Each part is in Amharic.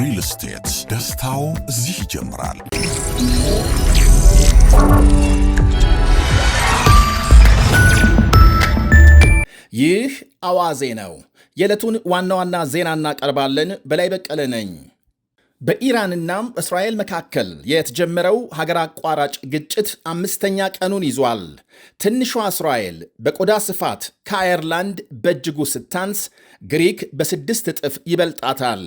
ሪል ስቴት ደስታው እዚህ ይጀምራል። ይህ አዋዜ ነው። የዕለቱን ዋና ዋና ዜና እናቀርባለን። በላይ በቀለ ነኝ። በኢራንና እስራኤል መካከል የተጀመረው ሀገር አቋራጭ ግጭት አምስተኛ ቀኑን ይዟል። ትንሿ እስራኤል በቆዳ ስፋት ከአየርላንድ በእጅጉ ስታንስ፣ ግሪክ በስድስት እጥፍ ይበልጣታል።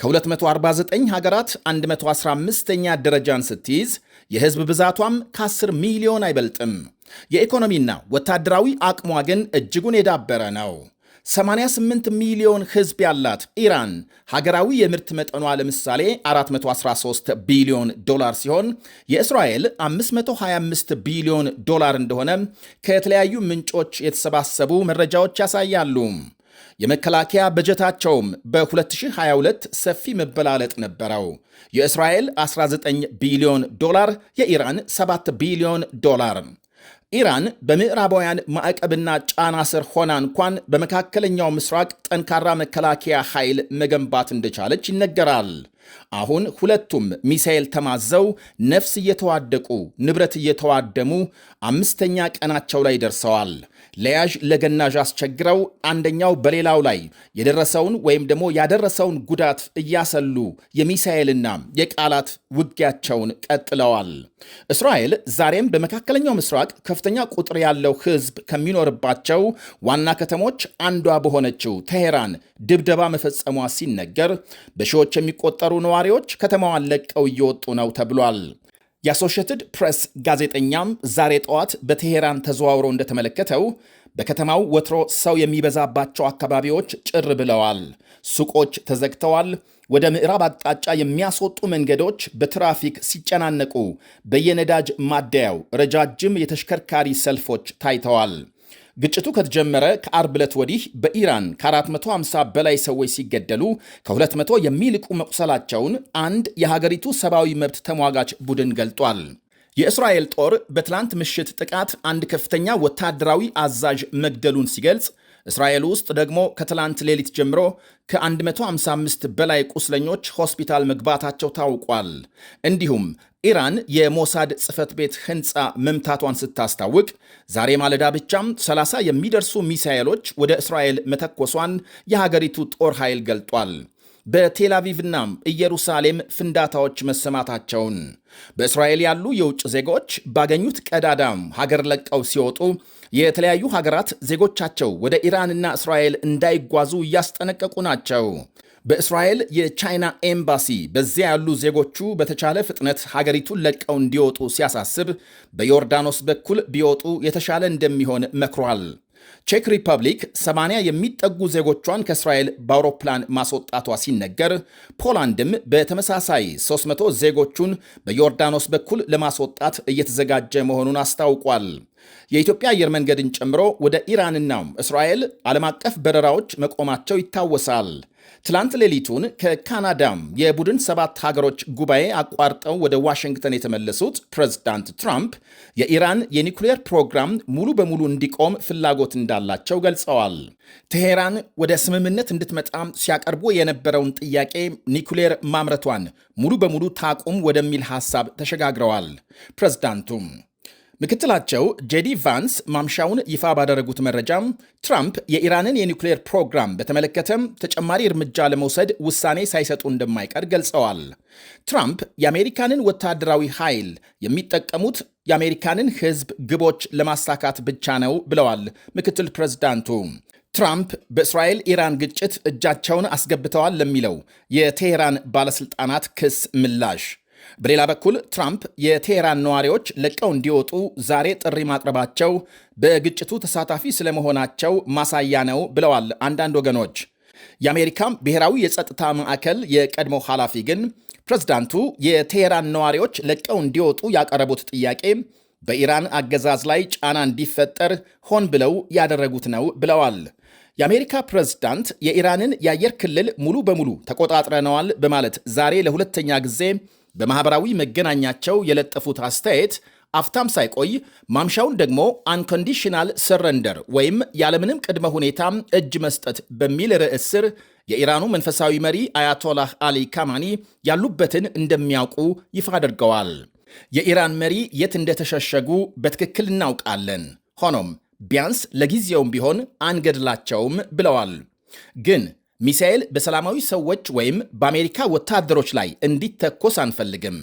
ከ249 ሀገራት 115ኛ ደረጃን ስትይዝ የህዝብ ብዛቷም ከ10 ሚሊዮን አይበልጥም። የኢኮኖሚና ወታደራዊ አቅሟ ግን እጅጉን የዳበረ ነው። 88 ሚሊዮን ህዝብ ያላት ኢራን ሀገራዊ የምርት መጠኗ ለምሳሌ 413 ቢሊዮን ዶላር ሲሆን የእስራኤል 525 ቢሊዮን ዶላር እንደሆነ ከተለያዩ ምንጮች የተሰባሰቡ መረጃዎች ያሳያሉ። የመከላከያ በጀታቸውም በ2022 ሰፊ መበላለጥ ነበረው። የእስራኤል 19 ቢሊዮን ዶላር፣ የኢራን 7 ቢሊዮን ዶላር። ኢራን በምዕራባውያን ማዕቀብና ጫና ስር ሆና እንኳን በመካከለኛው ምስራቅ ጠንካራ መከላከያ ኃይል መገንባት እንደቻለች ይነገራል። አሁን ሁለቱም ሚሳኤል ተማዘው ነፍስ እየተዋደቁ ንብረት እየተዋደሙ አምስተኛ ቀናቸው ላይ ደርሰዋል። ለያዥ ለገናዥ አስቸግረው አንደኛው በሌላው ላይ የደረሰውን ወይም ደግሞ ያደረሰውን ጉዳት እያሰሉ የሚሳኤልና የቃላት ውጊያቸውን ቀጥለዋል። እስራኤል ዛሬም በመካከለኛው ምስራቅ ከፍተኛ ቁጥር ያለው ሕዝብ ከሚኖርባቸው ዋና ከተሞች አንዷ በሆነችው ቴሄራን ድብደባ መፈጸሟ ሲነገር በሺዎች የሚቆጠሩ የተማሩ ነዋሪዎች ከተማዋን ለቀው እየወጡ ነው ተብሏል። የአሶሽትድ ፕሬስ ጋዜጠኛም ዛሬ ጠዋት በቴሄራን ተዘዋውሮ እንደተመለከተው በከተማው ወትሮ ሰው የሚበዛባቸው አካባቢዎች ጭር ብለዋል። ሱቆች ተዘግተዋል። ወደ ምዕራብ አቅጣጫ የሚያስወጡ መንገዶች በትራፊክ ሲጨናነቁ፣ በየነዳጅ ማደያው ረጃጅም የተሽከርካሪ ሰልፎች ታይተዋል። ግጭቱ ከተጀመረ ከአርብ ዕለት ወዲህ በኢራን ከ450 በላይ ሰዎች ሲገደሉ ከ200 የሚልቁ መቁሰላቸውን አንድ የሀገሪቱ ሰብአዊ መብት ተሟጋች ቡድን ገልጧል። የእስራኤል ጦር በትላንት ምሽት ጥቃት አንድ ከፍተኛ ወታደራዊ አዛዥ መግደሉን ሲገልጽ እስራኤል ውስጥ ደግሞ ከትላንት ሌሊት ጀምሮ ከ155 በላይ ቁስለኞች ሆስፒታል መግባታቸው ታውቋል። እንዲሁም ኢራን የሞሳድ ጽህፈት ቤት ህንፃ መምታቷን ስታስታውቅ ዛሬ ማለዳ ብቻም 30 የሚደርሱ ሚሳኤሎች ወደ እስራኤል መተኮሷን የሀገሪቱ ጦር ኃይል ገልጧል። በቴል አቪቭና ኢየሩሳሌም ፍንዳታዎች መሰማታቸውን በእስራኤል ያሉ የውጭ ዜጎች ባገኙት ቀዳዳም ሀገር ለቀው ሲወጡ የተለያዩ ሀገራት ዜጎቻቸው ወደ ኢራንና እስራኤል እንዳይጓዙ እያስጠነቀቁ ናቸው። በእስራኤል የቻይና ኤምባሲ በዚያ ያሉ ዜጎቹ በተቻለ ፍጥነት ሀገሪቱን ለቀው እንዲወጡ ሲያሳስብ፣ በዮርዳኖስ በኩል ቢወጡ የተሻለ እንደሚሆን መክሯል። ቼክ ሪፐብሊክ 80 የሚጠጉ ዜጎቿን ከእስራኤል በአውሮፕላን ማስወጣቷ ሲነገር፣ ፖላንድም በተመሳሳይ 300 ዜጎቹን በዮርዳኖስ በኩል ለማስወጣት እየተዘጋጀ መሆኑን አስታውቋል። የኢትዮጵያ አየር መንገድን ጨምሮ ወደ ኢራንና እስራኤል ዓለም አቀፍ በረራዎች መቆማቸው ይታወሳል። ትላንት ሌሊቱን ከካናዳም የቡድን ሰባት ሀገሮች ጉባኤ አቋርጠው ወደ ዋሽንግተን የተመለሱት ፕሬዝዳንት ትራምፕ የኢራን የኒኩሌር ፕሮግራም ሙሉ በሙሉ እንዲቆም ፍላጎት እንዳላቸው ገልጸዋል። ቴሄራን ወደ ስምምነት እንድትመጣ ሲያቀርቡ የነበረውን ጥያቄ ኒኩሌር ማምረቷን ሙሉ በሙሉ ታቁም ወደሚል ሐሳብ ተሸጋግረዋል ፕሬዚዳንቱም ምክትላቸው ጄዲ ቫንስ ማምሻውን ይፋ ባደረጉት መረጃም ትራምፕ የኢራንን የኒውክሌር ፕሮግራም በተመለከተም ተጨማሪ እርምጃ ለመውሰድ ውሳኔ ሳይሰጡ እንደማይቀር ገልጸዋል። ትራምፕ የአሜሪካንን ወታደራዊ ኃይል የሚጠቀሙት የአሜሪካንን ሕዝብ ግቦች ለማሳካት ብቻ ነው ብለዋል ምክትል ፕሬዝዳንቱ። ትራምፕ በእስራኤል ኢራን ግጭት እጃቸውን አስገብተዋል ለሚለው የቴሄራን ባለሥልጣናት ክስ ምላሽ በሌላ በኩል ትራምፕ የቴሄራን ነዋሪዎች ለቀው እንዲወጡ ዛሬ ጥሪ ማቅረባቸው በግጭቱ ተሳታፊ ስለመሆናቸው ማሳያ ነው ብለዋል አንዳንድ ወገኖች። የአሜሪካም ብሔራዊ የጸጥታ ማዕከል የቀድሞ ኃላፊ ግን ፕሬዝዳንቱ የቴሄራን ነዋሪዎች ለቀው እንዲወጡ ያቀረቡት ጥያቄ በኢራን አገዛዝ ላይ ጫና እንዲፈጠር ሆን ብለው ያደረጉት ነው ብለዋል። የአሜሪካ ፕሬዝዳንት የኢራንን የአየር ክልል ሙሉ በሙሉ ተቆጣጥረነዋል በማለት ዛሬ ለሁለተኛ ጊዜ በማኅበራዊ መገናኛቸው የለጠፉት አስተያየት አፍታም ሳይቆይ ማምሻውን ደግሞ አንኮንዲሽናል ሰረንደር ወይም ያለምንም ቅድመ ሁኔታ እጅ መስጠት በሚል ርዕስ ስር የኢራኑ መንፈሳዊ መሪ አያቶላህ አሊ ካማኒ ያሉበትን እንደሚያውቁ ይፋ አድርገዋል። የኢራን መሪ የት እንደተሸሸጉ በትክክል እናውቃለን፣ ሆኖም ቢያንስ ለጊዜውም ቢሆን አንገድላቸውም ብለዋል። ግን ሚሳኤል በሰላማዊ ሰዎች ወይም በአሜሪካ ወታደሮች ላይ እንዲተኮስ አንፈልግም፣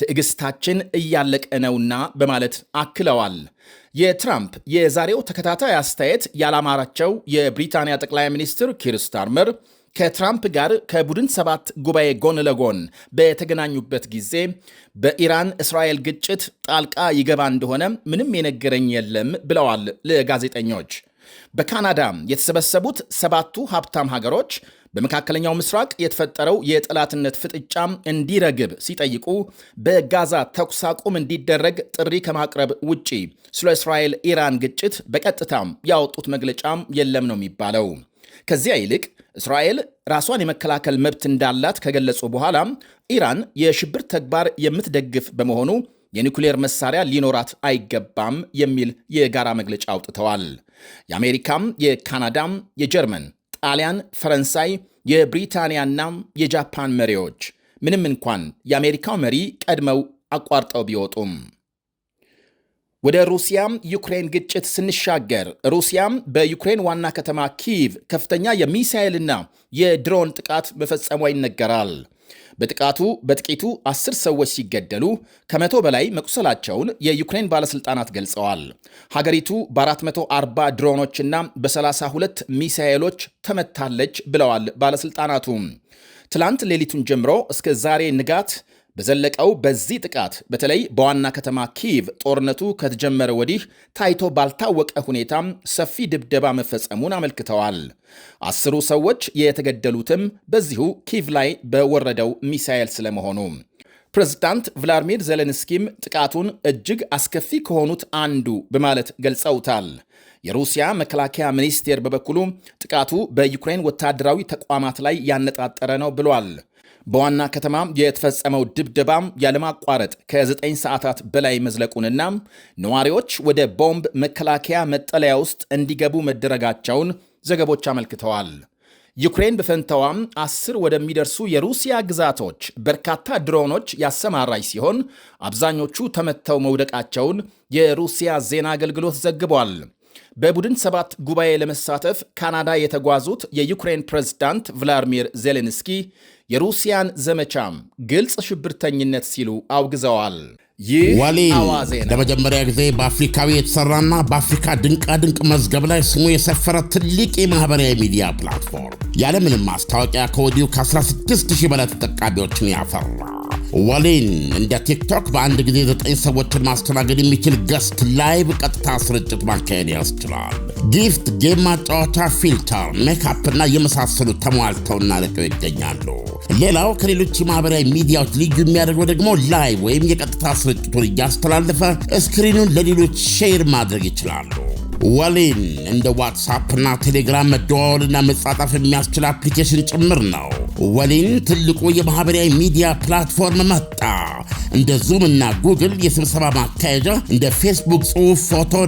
ትዕግስታችን እያለቀ ነውና በማለት አክለዋል። የትራምፕ የዛሬው ተከታታይ አስተያየት ያላማራቸው የብሪታንያ ጠቅላይ ሚኒስትር ኪር ስታርመር ከትራምፕ ጋር ከቡድን ሰባት ጉባኤ ጎን ለጎን በተገናኙበት ጊዜ በኢራን እስራኤል ግጭት ጣልቃ ይገባ እንደሆነ ምንም የነገረኝ የለም ብለዋል ለጋዜጠኞች። በካናዳ የተሰበሰቡት ሰባቱ ሀብታም ሀገሮች በመካከለኛው ምስራቅ የተፈጠረው የጠላትነት ፍጥጫ እንዲረግብ ሲጠይቁ በጋዛ ተኩስ አቁም እንዲደረግ ጥሪ ከማቅረብ ውጪ ስለ እስራኤል ኢራን ግጭት በቀጥታም ያወጡት መግለጫም የለም ነው የሚባለው። ከዚያ ይልቅ እስራኤል ራሷን የመከላከል መብት እንዳላት ከገለጹ በኋላ ኢራን የሽብር ተግባር የምትደግፍ በመሆኑ የኒኩሌር መሳሪያ ሊኖራት አይገባም የሚል የጋራ መግለጫ አውጥተዋል። የአሜሪካም፣ የካናዳም፣ የጀርመን፣ ጣሊያን፣ ፈረንሳይ፣ የብሪታንያና የጃፓን መሪዎች ምንም እንኳን የአሜሪካው መሪ ቀድመው አቋርጠው ቢወጡም ወደ ሩሲያም ዩክሬን ግጭት ስንሻገር ሩሲያም በዩክሬን ዋና ከተማ ኪቭ ከፍተኛ የሚሳኤልና የድሮን ጥቃት መፈጸሟ ይነገራል። በጥቃቱ በጥቂቱ አስር ሰዎች ሲገደሉ ከመቶ በላይ መቁሰላቸውን የዩክሬን ባለስልጣናት ገልጸዋል። ሀገሪቱ በ440 ድሮኖችና በ32 ሚሳኤሎች ተመታለች ብለዋል ባለስልጣናቱ። ትላንት ሌሊቱን ጀምሮ እስከ ዛሬ ንጋት በዘለቀው በዚህ ጥቃት በተለይ በዋና ከተማ ኪቭ ጦርነቱ ከተጀመረ ወዲህ ታይቶ ባልታወቀ ሁኔታም ሰፊ ድብደባ መፈጸሙን አመልክተዋል። አስሩ ሰዎች የተገደሉትም በዚሁ ኪቭ ላይ በወረደው ሚሳኤል ስለመሆኑ ፕሬዝዳንት ቭላድሚር ዜሌንስኪም ጥቃቱን እጅግ አስከፊ ከሆኑት አንዱ በማለት ገልጸውታል። የሩሲያ መከላከያ ሚኒስቴር በበኩሉ ጥቃቱ በዩክሬን ወታደራዊ ተቋማት ላይ ያነጣጠረ ነው ብሏል። በዋና ከተማ የተፈጸመው ድብደባም ያለማቋረጥ ከ9 ሰዓታት በላይ መዝለቁንና ነዋሪዎች ወደ ቦምብ መከላከያ መጠለያ ውስጥ እንዲገቡ መደረጋቸውን ዘገቦች አመልክተዋል። ዩክሬን በፈንታዋም አስር ወደሚደርሱ የሩሲያ ግዛቶች በርካታ ድሮኖች ያሰማራች ሲሆን አብዛኞቹ ተመተው መውደቃቸውን የሩሲያ ዜና አገልግሎት ዘግቧል። በቡድን ሰባት ጉባኤ ለመሳተፍ ካናዳ የተጓዙት የዩክሬን ፕሬዝዳንት ቭላዲሚር ዜሌንስኪ የሩሲያን ዘመቻም ግልጽ ሽብርተኝነት ሲሉ አውግዘዋል። ይህ ለመጀመሪያ ጊዜ በአፍሪካዊ የተሰራና በአፍሪካ ድንቃድንቅ መዝገብ ላይ ስሙ የሰፈረ ትልቅ የማህበራዊ ሚዲያ ፕላትፎርም ያለምንም ማስታወቂያ ከወዲሁ ከ16 ሺህ በላይ ተጠቃሚዎችን ያፈራ ወሊን እንደ ቲክቶክ በአንድ ጊዜ ዘጠኝ ሰዎችን ማስተናገድ የሚችል ገስት ላይቭ ቀጥታ ስርጭት ማካሄድ ያስችላል። ጊፍት፣ ጌም ማጫወቻ፣ ፊልተር፣ ሜካፕ እና የመሳሰሉ ተሟልተውና ለቀው ይገኛሉ። ሌላው ከሌሎች የማህበራዊ ሚዲያዎች ልዩ የሚያደርገው ደግሞ ላይቭ ወይም የቀጥታ ስርጭቱን እያስተላለፈ ስክሪኑን ለሌሎች ሼር ማድረግ ይችላሉ። ወሊን እንደ ዋትሳፕና ቴሌግራም መደዋወልና መጻጣፍ የሚያስችል አፕሊኬሽን ጭምር ነው። ወሊን ትልቁ የማህበራዊ ሚዲያ ፕላትፎርም መጣ። እንደ ዙም እና ጉግል የስብሰባ ማካሄጃ፣ እንደ ፌስቡክ ጽሑፍ፣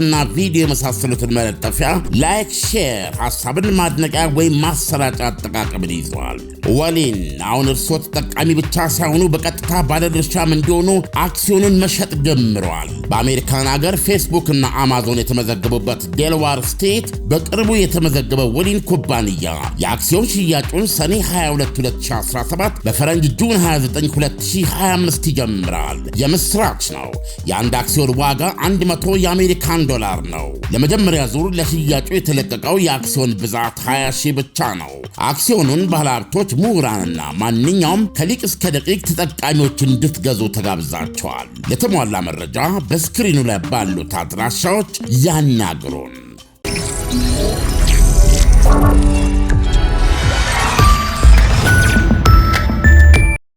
እና ቪዲዮ የመሳሰሉትን መለጠፊያ፣ ላይክ፣ ሼር፣ ሀሳብን ማድነቂያ ወይም ማሰራጫ አጠቃቀምን ይዘዋል። ወሊን አሁን እርስዎ ተጠቃሚ ብቻ ሳይሆኑ በቀጥታ ባለድርሻም እንዲሆኑ አክሲዮኑን መሸጥ ጀምረዋል። በአሜሪካን አገር ፌስቡክ እና አማዞን የተመዘገቡበት ዴልዋር ስቴት በቅርቡ የተመዘገበ ወሊን ኩባንያ የአክሲዮን ሽያጩን ሰኔ 22 2017 በፈረንጅ ጁን 29 2025 ይጀምራል። የምስራች ነው። የአንድ አክሲዮን ዋጋ 100 የአሜሪካን ዶላር ነው። ለመጀመሪያ ዙር ለሽያጩ የተለቀቀው የአክሲዮን ብዛት 20 ሺህ ብቻ ነው። አክሲዮኑን ባለሀብቶች ምሁራንና ማንኛውም ከሊቅ እስከ ደቂቅ ተጠቃሚዎች እንድትገዙ ተጋብዛቸዋል። ለተሟላ መረጃ በስክሪኑ ላይ ባሉት አድራሻዎች ያናግሩን።